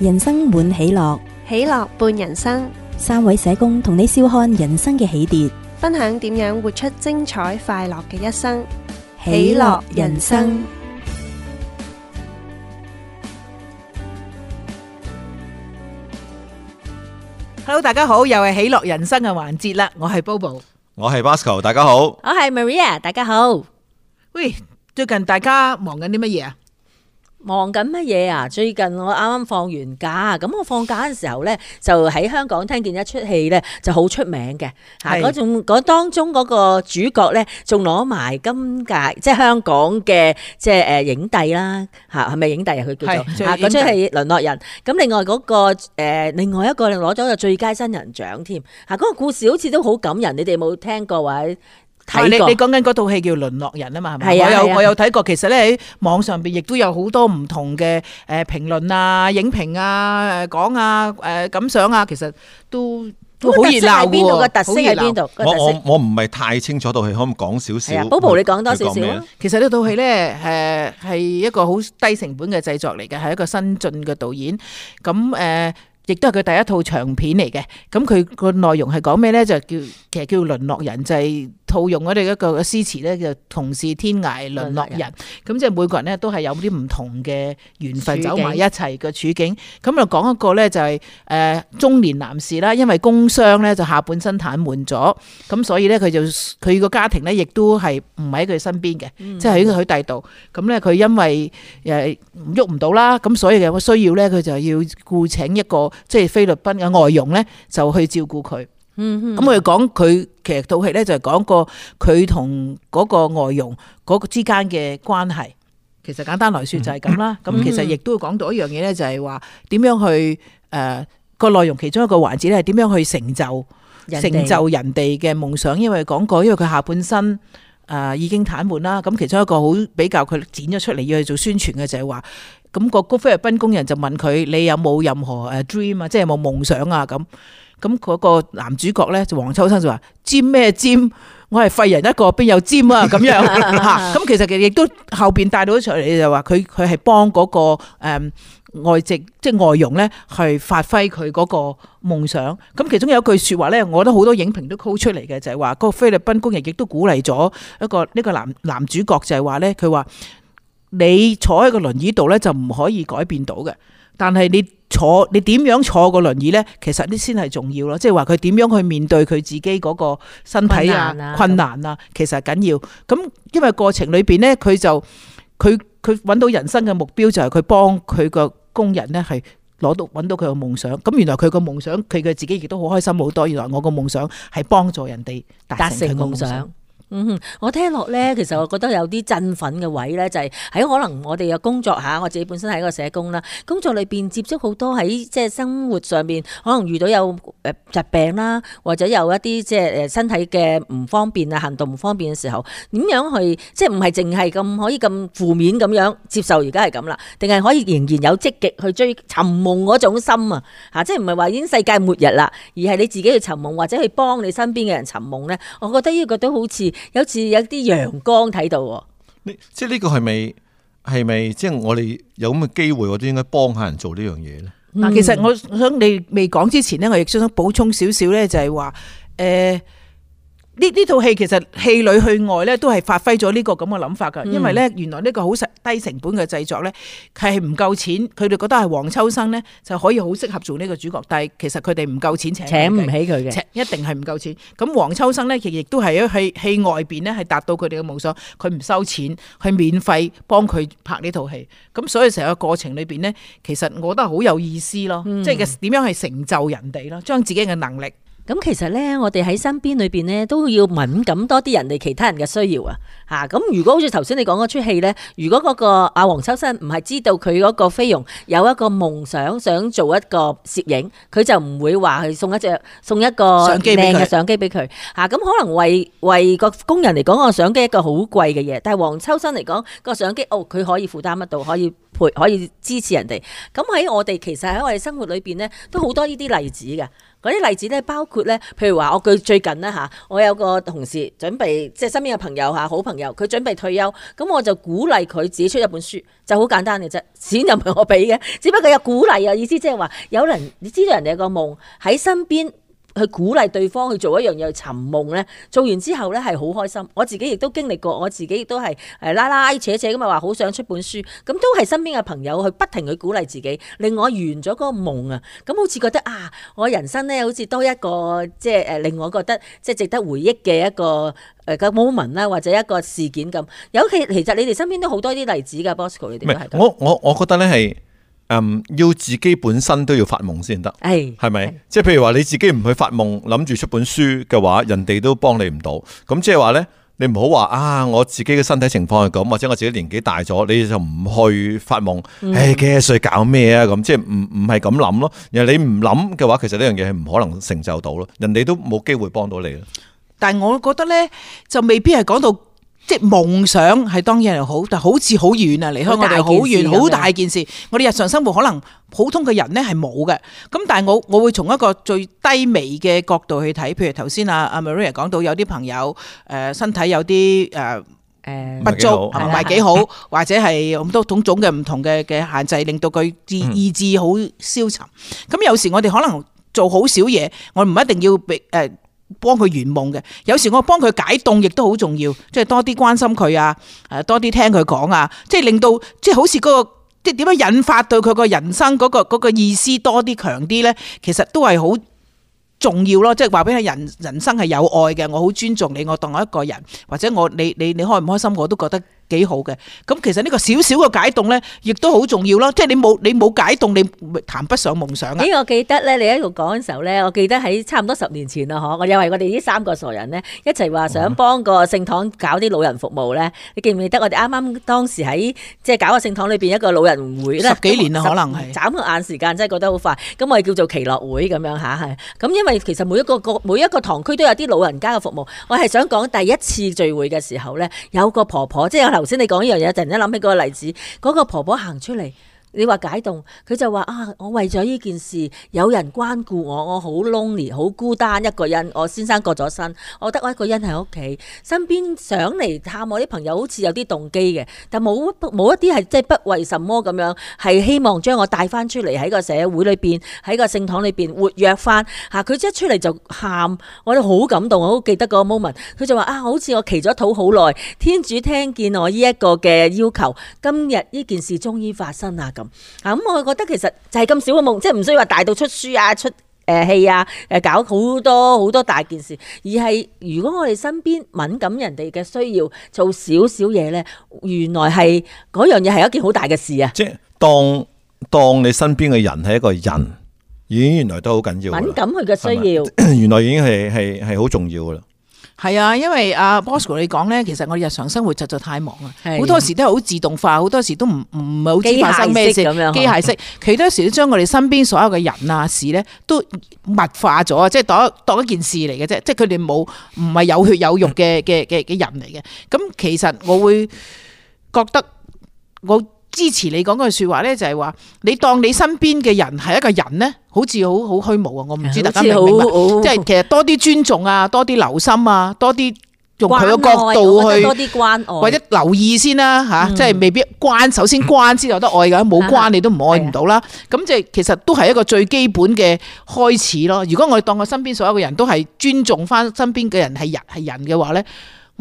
人生滿喜樂，喜樂伴人生。三位社工同你笑看人生嘅起跌，分享點樣活出精彩快樂嘅一生。喜樂人生。Hello，大家好，又係喜樂人生嘅環節啦。我係 Bobo，我係 Basco，大家好。我係 Maria，大家好。喂，最近大家忙緊啲乜嘢啊？忙緊乜嘢啊？最近我啱啱放完假，咁我放假嗰陣時候咧，就喺香港聽見一出戲咧，就好出名嘅。嚇的，嗰仲當中嗰個主角咧，仲攞埋今屆，即係香港嘅即係誒影帝啦。嚇，係咪影帝啊？佢叫做嚇嗰出戲《淪落人》。咁另外嗰個，另外一個攞咗個最佳新人獎添。嚇，嗰個故事好似都好感人，你哋有冇聽過啊？但係你你講緊嗰套戲叫《淪落人》啊嘛，係咪？我有我有睇過，其實咧喺網上邊亦都有好多唔同嘅、誒評論啊、影評啊、講啊、誒感想啊，其實都都好熱鬧噶喎，喺邊度嘅特色？喺邊度？好熱鬧。我我我唔係太清楚套戲，可唔可以講少少？係啊，BoBo，你講多少少？其實呢套戲咧，誒係一個好低成本嘅製作嚟嘅，係一個新晉嘅導演，咁誒亦都係佢第一套長片嚟嘅。咁佢個內容係講咩咧？就叫其實叫《淪落人》，就係。套用我哋一個嘅詩詞咧，就同是天涯淪落人。咁的即係每個人咧都係有啲唔同嘅緣分，走埋一齊嘅處境。咁就講一個咧就係誒中年男士啦，因為工傷咧就下半身癱瘓咗，咁所以咧佢就佢個家庭咧亦都係唔喺佢身邊嘅，嗯、即係喺佢第度。咁咧佢因為誒喐唔到啦，咁所以有個需要咧，佢就要僱請一個即係菲律賓嘅外傭咧，就去照顧佢。嗯，咁我哋講佢其實套戲咧就係講個佢同嗰個外傭嗰個之間嘅關係。其實簡單來說就係咁啦。咁、嗯、哼其實亦都會講到一樣嘢咧，就係話點樣去誒個內容其中一個環節咧，係點樣去成就家成就人哋嘅夢想。因為講過，因為佢下半身誒、呃、已經癱瘓啦。咁其中一個好比較佢剪咗出嚟要去做宣傳嘅就係話，咁、個菲律賓工人就問佢：你有冇任何誒 dream 啊？即係有冇夢想啊？咁。咁嗰個男主角咧就黃秋生就話尖咩尖，我係廢人一個，邊有尖啊咁樣嚇？咁其實佢亦都後邊帶到出嚟，就話佢佢係幫嗰個誒外籍即外傭咧，去發揮佢嗰個夢想。咁其中有一句説話咧，我覺得好多影評都 call 出嚟嘅，就係話嗰個菲律賓工人亦都鼓勵咗一個呢個男男主角，就係話咧，佢話你坐喺個輪椅度咧就唔可以改變到嘅，但係你，坐你點樣坐個輪椅呢？其實呢先係重要咯，即係話佢點樣去面對佢自己嗰個身體啊困，困難啊，其實緊要。咁因為過程裏邊呢，佢就佢佢揾到人生嘅目標就係佢幫佢個工人呢，係攞到揾到佢個夢想。咁原來佢個夢想，佢嘅自己亦都好開心好多。原來我個夢想係幫助人哋達成佢個夢想。嗯，我聽落咧，其實我覺得有啲振奮嘅位咧，就係喺可能我哋嘅工作嚇，我自己本身係一個社工啦，工作裏邊接觸好多喺即係生活上邊可能遇到有誒疾病啦，或者有一啲即係誒身體嘅唔方便啊，行動唔方便嘅時候，點樣去即係唔係淨係咁可以咁負面咁樣接受樣？而家係咁啦，定係可以仍然有積極去追尋夢嗰種心啊？嚇，即係唔係話已經世界末日啦，而係你自己去尋夢，或者去幫你身邊嘅人尋夢咧？我覺得呢個都好似～有時有啲陽光睇到喎，即係呢個係咪係咪即係我哋有咁嘅機會，我都應該幫下人做呢樣嘢咧。嗱、嗯，其實我想你未講之前咧，我亦都想補充少少咧，就係話誒。呢呢套戲其實戲裏去外咧都係發揮咗呢個咁嘅諗法噶，因為咧原來呢個好低成本嘅製作咧係唔夠錢，佢哋覺得係黃秋生咧就可以好適合做呢個主角，但係其實佢哋唔夠錢請請唔起佢嘅，一定係唔夠錢。咁黃秋生咧其實亦都係喺戲外邊咧係達到佢哋嘅夢想，佢唔收錢，去免費幫佢拍呢套戲。咁所以成個過程裏邊咧，其實我覺得好有意思咯，即係點樣去成就人哋咯，將自己嘅能力。咁其實咧，我哋喺身邊裏邊咧，都要敏感多啲人哋其他人嘅需要啊！吓咁，如果好似頭先你講嗰出戲咧，如果嗰個阿黃秋生唔係知道佢嗰個菲傭有一個夢想，想做一個攝影，佢就唔會話去送一隻送一個靚嘅相機俾佢。吓咁，啊，可能為為個工人嚟講，個相機一個好貴嘅嘢，但係黃秋生嚟講，個相機，哦，佢可以負擔得到，可以配可以支持人哋。咁喺我哋其實喺我哋生活裏邊咧，都好多呢啲例子嘅。嗰啲例子咧，包括咧，譬如話，我最最近咧吓，我有個同事準備即係身邊嘅朋友吓，好朋友，佢準備退休，咁我就鼓勵佢自己出一本書，就好簡單嘅啫，錢又唔係我俾嘅，只不過有鼓勵嘅意思，即係話有人你知道人哋個夢喺身邊。去鼓勵對方去做一樣嘢，尋夢咧，做完之後咧係好開心。我自己亦都經歷過，我自己亦都係誒拉拉扯扯咁啊，話好想出本書，咁都係身邊嘅朋友去不停去鼓勵自己，令我圓咗嗰個夢啊。咁好似覺得啊，我人生咧好似多一個即係誒，令我覺得即係值得回憶嘅一個誒 moment 啦，或者一個事件咁。尤其其實你哋身邊都好多啲例子噶，Bosco，你哋都係。我我我覺得咧係。嗯，要自己本身都要發夢先得，係咪？即係譬如話你自己唔去發夢，諗住出本書嘅話，人哋都幫你唔到。咁即係話呢，你唔好話啊，我自己嘅身體情況係咁，或者我自己年紀大咗，你就唔去發夢。誒，哎，幾多歲搞咩啊？咁即係唔唔係咁諗咯。而你唔諗嘅話，其實呢樣嘢係唔可能成就到咯，人哋都冇機會幫到你咯。但係我覺得呢，就未必係講到。即係夢想係當然係好，但好似好遠啊，離開我哋好遠，好大，大件事。我哋日常生活可能普通嘅人咧係冇嘅。咁但係我我會從一個最低微嘅角度去睇，譬如頭先啊阿 Maria 講到有啲朋友誒、呃、身體有啲誒、呃呃、不足，唔係幾好，或者係咁多種種嘅唔同嘅嘅限制，令到佢意， 意志好消沉。咁有時我哋可能做好少嘢，我唔一定要俾誒。呃呃幫佢圓夢嘅，有時我幫佢解凍，亦都好重要，即係多啲關心佢啊，誒，多啲聽佢講啊，即係令到即係好似嗰個，即係點樣引發對佢個人生嗰個嗰個意思多啲強啲呢？其實都係好重要咯，即係話俾佢人人生係有愛嘅，我好尊重你，我當我一個人，或者我你你你開唔開心，我都覺得。幾好嘅，咁其實呢個少少嘅解凍咧，亦都好重要咯。即係你冇你冇解凍，你談不上夢想啊。咦，我記得咧，你喺度講嘅時候咧，我記得喺差唔多十年前啦，嗬。我以為我哋呢三個傻人咧，一齊話想幫個聖堂搞啲老人服務咧。你記唔記得我哋啱啱當時喺即係搞個聖堂裏邊一個老人會咧？十幾年啦，可能係眨下眼時間，真係覺得好快。咁我哋叫做奇樂會咁樣吓，係。咁因為其實每一個個每一個堂區都有啲老人家嘅服務，我係想講第一次聚會嘅時候咧，有個婆婆即係。頭先你講依樣嘢，突然間諗起嗰個例子，嗰個婆婆行出嚟。你話解凍，佢就話啊！我為咗呢件事有人關顧我，我好 lonely，好孤單一個人。我先生過咗身，我得我一個人喺屋企，身邊上嚟探我啲朋友，好似有啲動機嘅，但冇冇一啲係即係不為什麼咁樣，係希望將我帶翻出嚟喺個社會裏邊，喺個聖堂裏邊活躍翻。嚇、啊、佢一出嚟就喊，我都好感動，我好記得個 moment。佢就話啊，好似我祈咗禱好耐，天主聽見我呢一個嘅要求，今日呢件事終於發生啦。啊！咁我係覺得其實就係咁少個夢，即係唔需要話大到出書啊、出誒戲啊、誒搞好多好多大件事，而係如果我哋身邊敏感人哋嘅需要做少少嘢咧，原來係嗰樣嘢係一件好大嘅事啊！即係當當你身邊嘅人係一個人，已經原來都好緊要，敏感佢嘅需要，原來已經係係係好重要噶啦。係啊，因為阿 Bosco 你講咧，其實我日常生活實在太忙啦，好多時都係好自動化，好多時都唔唔唔係好知發生咩事，機械式。佢好多時都將我哋身邊所有嘅人啊事咧都物化咗啊，即係當當一件事嚟嘅啫，即係佢哋冇唔係有血有肉嘅嘅嘅嘅人嚟嘅。咁其實我會覺得我。支持你講句説話咧，就係、是、話你當你身邊嘅人係一個人咧，好似好好虛無啊！我唔知大家明唔明，即係其實多啲尊重啊，多啲留心啊，多啲用佢嘅角度去，關愛多啲關愛或者留意先啦嚇，啊嗯、即係未必關。首先關先有得愛噶，冇關你都唔愛唔到啦。咁即係其實都係一個最基本嘅開始咯。如果我哋當我身邊所有嘅人都係尊重翻身邊嘅人係人係人嘅話咧。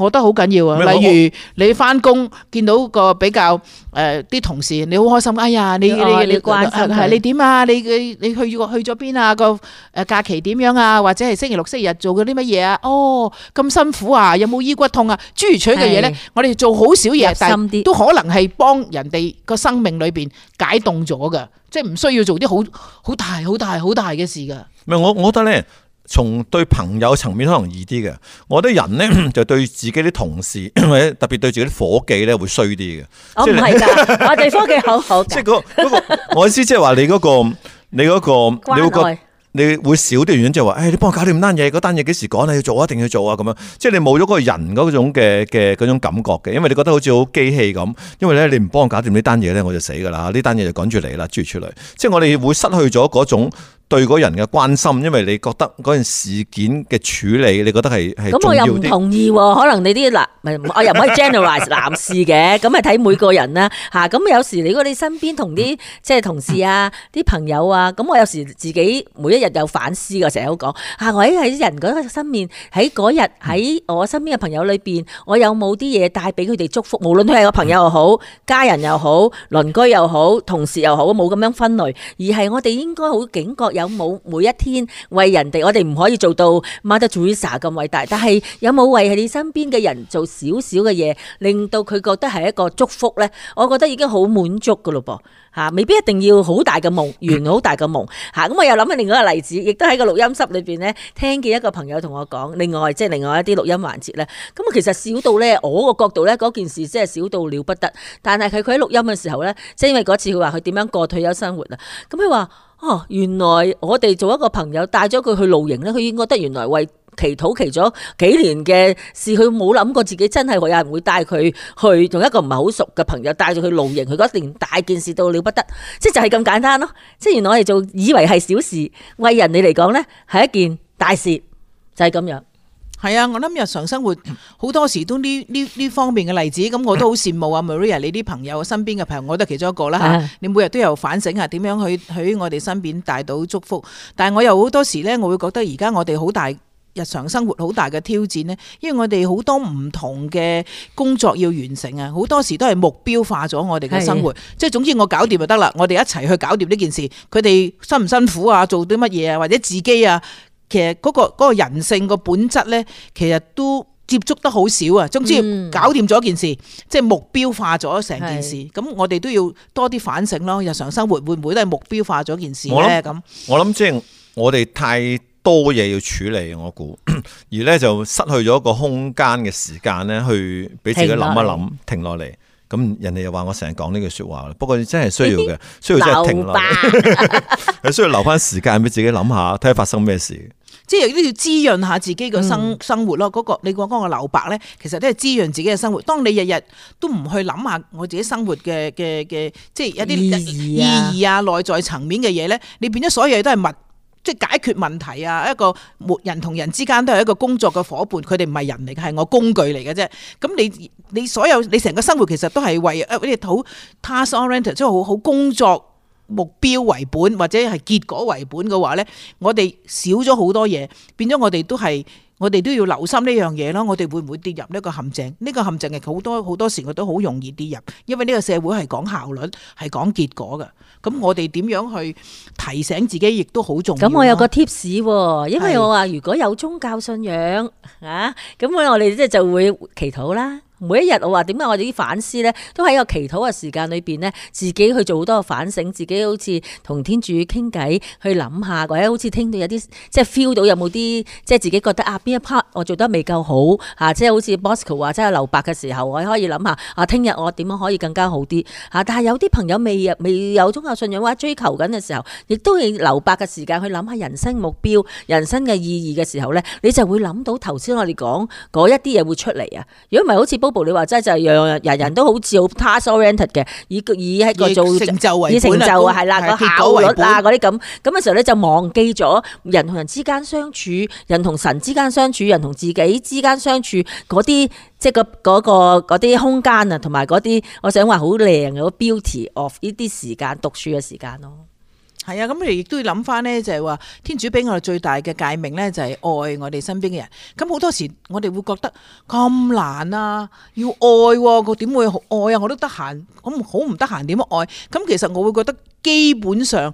我覺得好緊要啊！例如你返工見到個比較誒啲同事，你好開心。哎呀，你你你關心係你點啊？你嘅你去個去咗邊啊？個誒假期點樣啊？或者係星期六星期日做嘅啲乜嘢啊？哦，咁辛苦啊！有冇腰骨痛啊？諸如此類嘅嘢咧，我哋做好少嘢，但係都可能係幫人哋個生命裏邊解凍咗㗎，即係唔需要做啲好好大好大好大嘅事㗎。唔係我我覺得咧。從對朋友層面可能易啲嘅，我覺得人咧就對自己啲同事或者特別對自己啲伙計咧會衰啲嘅。哦、 我唔係㗎，我對夥計好好。即係嗰個，我意思即係話你嗰、那個愛你嗰、那個，你會少啲原因就係、是、話，誒、哎、你幫我搞掂呢單嘢，嗰單嘢幾時講你要做，一定要做啊咁樣。即、就、係、是、你冇咗個人嗰種嘅嘅嗰種感覺嘅，因為你覺得好似好機器咁。因為咧你唔幫我搞掂呢單嘢咧，我就死㗎啦。呢單嘢就趕住嚟啦，追住出嚟。即、就、係、是、我哋會失去咗嗰種。對嗰人嘅關心，因為你覺得嗰件事件嘅處理，你覺得係係重要啲。咁我又唔同意喎， 可能你啲男唔，我又唔可以 generalize 男士嘅，咁係睇每個人啦嚇。咁、 啊、有時如果你身邊同啲即係同事啊、啲朋友啊，咁我有時自己每一日有反思㗎，成日都講嚇，我喺、啊、人嗰個身面，喺嗰日喺我身邊嘅朋友裏邊，我有冇啲嘢帶俾佢哋祝福？無論佢係個朋友又好，家人又好，鄰居又好，同事又好，冇咁樣分類，而係我哋應該好警覺有冇每一天為人哋？我哋唔可以做到 Mother Teresa 咁偉大，但係有冇為你身邊嘅人做少少嘅嘢，令到佢覺得係一個祝福呢？我覺得已經好滿足噶咯噃吓，未必一定要好大嘅夢，圓好大嘅夢吓。咁、嗯啊、我又諗起另外一個例子，亦都喺個錄音室裏邊呢，聽見一個朋友同我講，另外即係、就是、另外一啲錄音環節呢，咁啊，其實小到呢，我個角度呢，嗰件事真係小到了不得。但係佢佢喺錄音嘅時候呢，即、就、係、是、因為嗰次佢話佢點樣過退休生活啊。咁佢話。哦，原來我哋做一個朋友帶咗佢去露營呢，佢已經覺得原來為祈禱祈咗幾年嘅事，佢冇諗過自己真係有人會帶佢去，同一個唔係好熟嘅朋友帶住去露營，佢覺得件大件事到了不得，即就係咁簡單咯。即係原來我哋做以為係小事，為人哋嚟講呢，係一件大事，就係咁樣。係啊，我諗日常生活好多時都呢呢呢方面嘅例子，咁我都好羨慕啊。Maria，你啲朋友身邊嘅朋友，我都係其中一個啦吓。 你每日都有反省下點樣去喺我哋身邊帶到祝福？但係我又好多時咧，我會覺得而家我哋好大日常生活好大嘅挑戰咧，因為我哋好多唔同嘅工作要完成啊，好多時都係目標化咗我哋嘅生活，即係的總之我搞掂就得啦。我哋一齊去搞掂呢件事，佢哋辛唔辛苦啊？做啲乜嘢啊？或者自己啊？其實嗰個嗰個人性個本質咧，其實都接觸得好少啊。總之搞掂咗件事，即係目標化咗成件事。咁是 我哋都要多啲反省咯。日常生活會唔會都係目標化咗件事咧？咁我諗，我諗即係我哋太多嘢要處理，我估而咧就失去咗一個空間嘅時間咧，去俾自己諗一諗，停落嚟。咁人哋又話我成日講呢句説話咧，不過真係需要嘅，需要真係停落嚟，你 白 需要留翻時間俾自己諗下，睇下發生咩事。即係都要滋潤下自己個生生活咯。嗰、嗯嗰個你講嗰個留白咧，其實都係滋潤自己嘅生活。當你日日都唔去諗下我自己生活嘅嘅嘅，即係有啲意義啊、義啊內在層面嘅嘢咧，你變咗所有嘢都係物，即係解決問題啊，一個人同人之間都係一個工作嘅伙伴，佢哋唔係人嚟，嘅，係我工具嚟嘅啫。咁你你所有你成個生活其實都係為一啲好 task oriented，即係好好工作。目標為本或者係結果為本嘅話呢，我哋少咗好多嘢，變咗我哋都係我哋都要留心呢樣嘢咯。我哋會唔會跌入呢個陷阱？呢個陷阱係好多好多時我都好容易跌入，因為呢個社會係講效率係講結果嘅。咁我哋點樣去提醒自己亦都好重要啊。咁我有個 tips 喎，因為我話如果有宗教信仰啊，咁是我我哋即係就會祈禱啦。每一日我話點解我哋啲反思咧，都喺個祈禱嘅時間裏邊咧，自己去做好多反省，自己好似同天主傾偈，去諗下或者好似聽到有啲即係 feel 到有冇啲即係自己覺得啊邊一 part 我做得未夠好吓、啊，即係好似 Bosco 話即係留白嘅時候，我可以諗下啊，聽日我點樣可以更加好啲吓、啊。但係有啲朋友未未有宗教信仰或者追求緊嘅時候，亦都係留白嘅時間去諗下人生目標、人生嘅意義嘅時候咧，你就會諗到頭先我哋講嗰一啲嘢會出嚟啊。如果唔係好似你話真就係人人都好似好 task oriented 嘅，以以喺個做以成就係啦，個效率啦，嗰啲咁咁嘅時候咧，就忘記咗人同人之間相處、人同神之間相處、人同自己之間相處嗰啲即係個嗰、嗰個嗰啲空間啊，同埋嗰啲我想話好靚嘅 beauty of 呢啲時間獨處嘅時間咯。係啊，咁亦都要諗翻咧，就係話天主俾我哋最大嘅誡命咧，就係愛我哋身邊嘅人。咁好多時我哋會覺得咁難啊，要愛佢，啊、點會愛啊？我都得閒，咁好唔得閒點樣愛？咁其實我會覺得基本上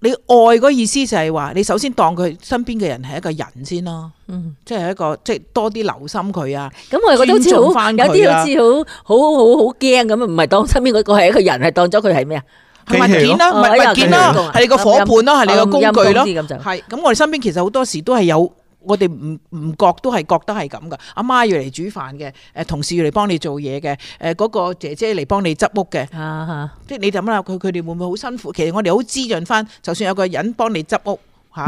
你愛個意思就係話，你首先當佢身邊嘅人係一個人先咯。嗯。即係一個即係多啲留心佢啊。咁我有啲好似好有啲好似好好好好驚咁唔係當身邊嗰個係一個人，係當咗佢係咩啊？物件、哦、啦，物物件啦，係你個夥伴咯，係你個工具咯，係咁。我哋身邊其實好多時都係有，我哋唔唔覺都係覺得係咁噶。阿媽要嚟煮飯嘅，誒，同事要嚟幫你做嘢嘅，誒、那個，嗰個姐姐嚟幫你執屋嘅，即係你諗下，佢佢哋會唔會好辛苦？其實我哋好滋潤翻，就算有個人幫你執屋。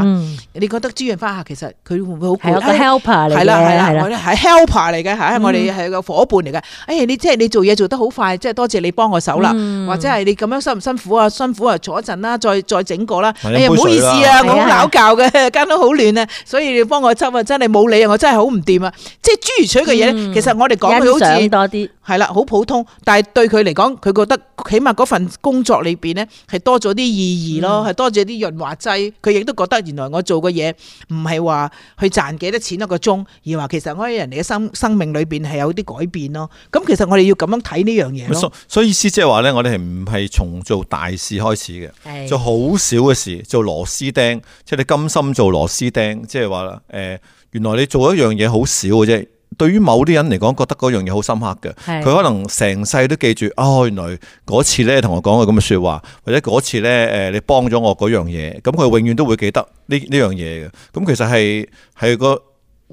嗯，你覺得朱援花下其實佢會唔會好？係啊，helper 嚟嘅，係啦係啦，我哋係 helper 嚟嘅嚇，我哋係個伙伴嚟嘅。哎呀，你即係你做嘢做得好快，即係多謝你幫我手啦。或者係你咁樣辛唔辛苦啊？辛苦啊，坐一陣啦，再再整過啦。哎呀，唔好意思啊，我好攪搞嘅，間都好亂啊。所以你幫我執啊，真係冇理啊，我真係好唔掂啊。即係諸如此類嘅嘢咧，其實我哋講佢好似係啦，好普通，但係對佢嚟講，佢覺得起碼嗰份工作裏邊咧係多咗啲意義咯，係多咗啲潤滑劑，佢亦都覺得。原來我做嘅嘢唔係話去賺幾多錢一個鐘，而話其實我喺人哋嘅生生命裏邊係有啲改變咯。咁其實我哋要咁樣睇呢樣嘢咯。所以意思即係話咧，我哋係唔係從做大事開始嘅，的做好少嘅事，做螺絲釘，即係你甘心做螺絲釘，即係話誒，原來你做一樣嘢好少嘅啫。對於某啲人嚟講，覺得嗰樣嘢好深刻嘅，佢可能成世都記住。哦，原來嗰次咧同我講嘅咁嘅說話，或者嗰次咧誒，你幫咗我嗰樣嘢，咁佢永遠都會記得呢呢樣嘢嘅。咁其實係係個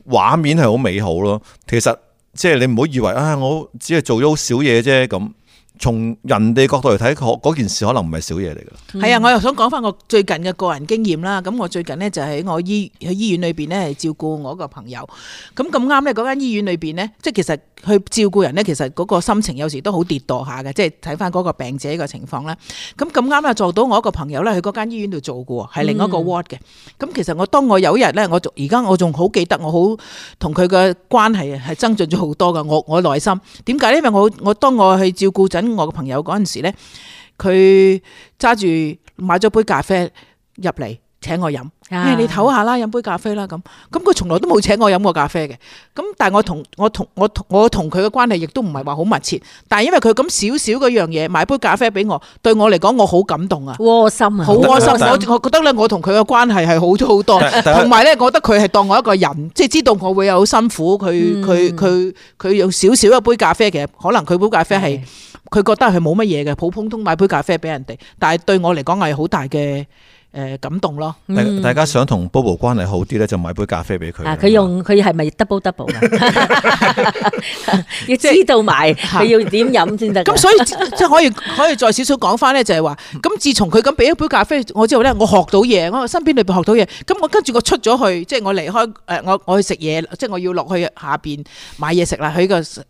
畫面係好美好咯。其實即係、就是、你唔好以為啊，我只係做咗好少嘢啫咁。從人哋角度嚟睇，嗰件事可能唔係小嘢嚟㗎。係、嗯、啊，我又想講翻我最近嘅個人經驗啦。咁我最近呢，就喺我醫喺醫院裏邊呢，係照顧我一個朋友。咁咁啱咧，嗰間醫院裏邊呢，即係其實。去照顧人咧，其實嗰個心情有時都好跌墮下嘅，即係睇翻嗰個病者嘅情況咧。咁咁啱啊，撞到我一個朋友咧，去嗰間醫院度做嘅喎，係另一個 ward 嘅。咁、嗯、其實我當我有一日咧，我仲而家我仲好記得，我好同佢嘅關係係增進咗好多嘅。我我內心點解咧？因為我我當我去照顧緊我嘅朋友嗰陣時咧，佢揸住買咗杯咖啡入嚟。請我飲，哎，你唞下啦，飲杯咖啡啦咁。咁佢從來都冇請我飲過咖啡嘅。咁但係我同我同我我同佢嘅關係亦都唔係話好密切。但係因為佢咁少少嗰樣嘢，買杯咖啡俾我，對我嚟講我好感動啊，窩心啊，好窩心。我心我覺得咧，我同佢嘅關係係好咗好多。同埋咧，我覺得佢係當我一個人，即係知道我會有好辛苦。佢佢佢佢用少少一杯咖啡，嘅，可能佢杯咖啡係佢的覺得係冇乜嘢嘅，普通通買杯咖啡俾人哋。但係對我嚟講係好大嘅。誒、呃，感動咯！嗯、大家想同 BoBo 關係好啲咧，就買杯咖啡俾佢。啊，佢用佢係咪 double double？ 要知道埋佢要點飲先得。咁 所以即係可以可以再少少講翻咧，就係話咁。自從佢咁俾一杯咖啡我之後咧，我學到嘢，我身邊裡邊學到嘢。咁我跟住我出咗去，即係我離開誒，我我去食嘢，即係我要落去下邊買嘢食啦。去個誒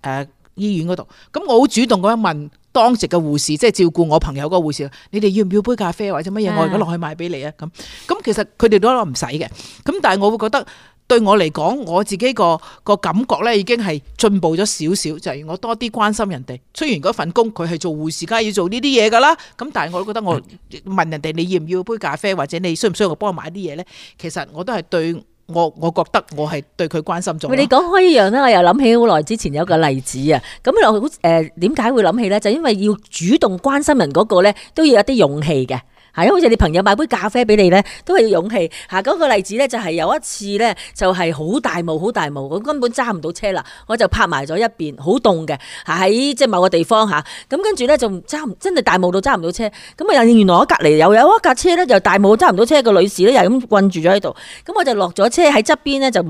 醫院嗰度，咁我好主動咁樣問，當值嘅護士，即係照顧我朋友嗰個護士，你哋要唔要杯咖啡或者乜嘢？我而家落去買俾你啊！咁咁是的 其實佢哋都攞唔使嘅。咁但係我會覺得對我嚟講，我自己個個感覺咧已經係進步咗少少。就係、是、我多啲關心人哋。雖然嗰份工佢係做護士，梗係要做呢啲嘢噶啦。咁但係我都覺得我問人哋你要唔要杯咖啡，或者你需唔需要我幫我買啲嘢咧？其實我都係對。我我覺得我係對佢關心咗。你講開呢樣咧，我又諗起好耐之前有一個例子啊。咁好誒，點解會諗起咧？就因為要主動關心人嗰個咧，都要有啲勇氣嘅。係好似你朋友買杯咖啡俾你咧，都係要勇氣吓。嗰個例子咧，就係有一次咧，就係好大霧，好大霧，我根本揸唔到車啦。我就泊埋咗一邊，好凍嘅，喺即係某個地方吓。咁跟住咧，就揸真係大霧到揸唔到車。咁啊，原來我隔籬又有一架車咧，就大霧揸唔到車，個女士咧又咁困住咗喺度。咁我就落咗車喺側邊咧，就。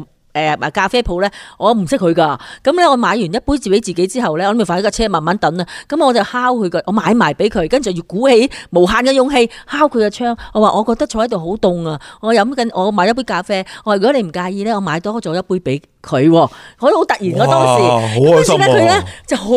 誒，咖啡鋪咧，我唔識佢噶咁咧，我買完一杯住俾自己之後咧，我咪坐喺架車慢慢等啊。咁我就敲佢個，我買埋俾佢，跟住要鼓起無限嘅勇氣敲佢個窗。我話我覺得坐喺度好凍啊，我飲緊，我買一杯咖啡。我話如果你唔介意咧，我買多咗一杯俾。佢喎，佢好突然嗰哇當時，跟住咧佢咧就好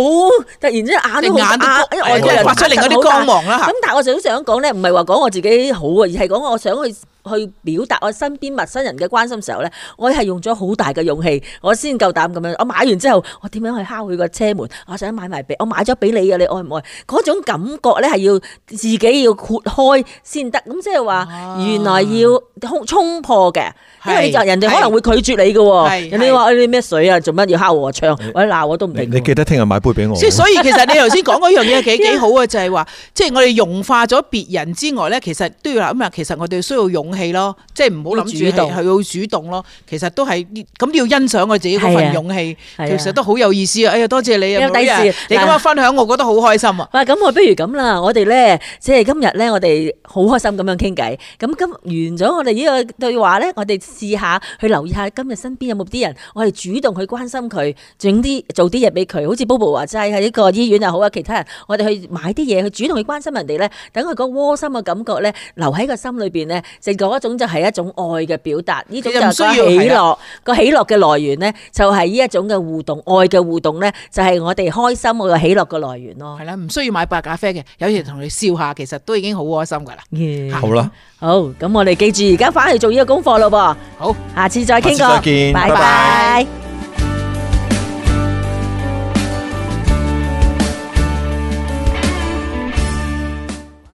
突然之眼都好，外國人發出嚟啲光芒啦。咁但係我就好想講咧，唔係話講我自己好啊，而係講我想去去表達我身邊陌生人嘅關心時候咧，我係用咗好大嘅勇氣，我先夠膽咁樣。我買完之後，我點樣去敲佢個車門？我想買埋俾我買咗俾你啊！你愛唔愛？嗰種感覺咧係要自己要豁開先得。咁即係話原來要、啊。衝破嘅，因為人人哋可能會拒絕你嘅，是是是人哋話你咩水啊，做乜要敲和唱，或者鬧我都唔定。你記得聽日買杯俾我。即所以其實你頭先講嗰樣嘢幾幾好啊， 就係話即係我哋融化咗別人之外咧，其實都要話咁啊。其實我哋需要勇氣咯，即係唔好諗住係要主動咯。其實都係咁要欣賞我自己嗰份勇氣，是啊、其實都好有意思啊。哎呀，多謝你啊，你今日分享，是是我覺得好開心啊。喂，咁我不如咁啦，我哋咧即係今日咧，我哋好開心咁樣傾偈。咁今完咗我哋。呢個對話咧，takeaway, 我哋試下去留意下今日身邊有冇啲人，我哋主動去關心佢，整啲做啲嘢俾佢，好似 Bobo 話齋喺個醫院又好啊，其他人我哋去買啲嘢，去主動去關心人哋咧，等佢個窩心嘅感覺咧，留喺個心裏邊咧，就嗰、是、一種就係一種愛嘅表達，呢種就需要喜樂。個喜樂嘅來源咧，就係呢一種嘅互動，愛嘅互動咧，就係我哋開心我嘅喜樂嘅來源咯。係啦，唔需要買白咖啡嘅，有時同你笑下，其實都已經、yeah. 好開心噶啦。好啦，好，咁我哋記住。而家返去做呢個功課咯噃，好，下次再傾過，拜拜。Bye bye. Bye bye.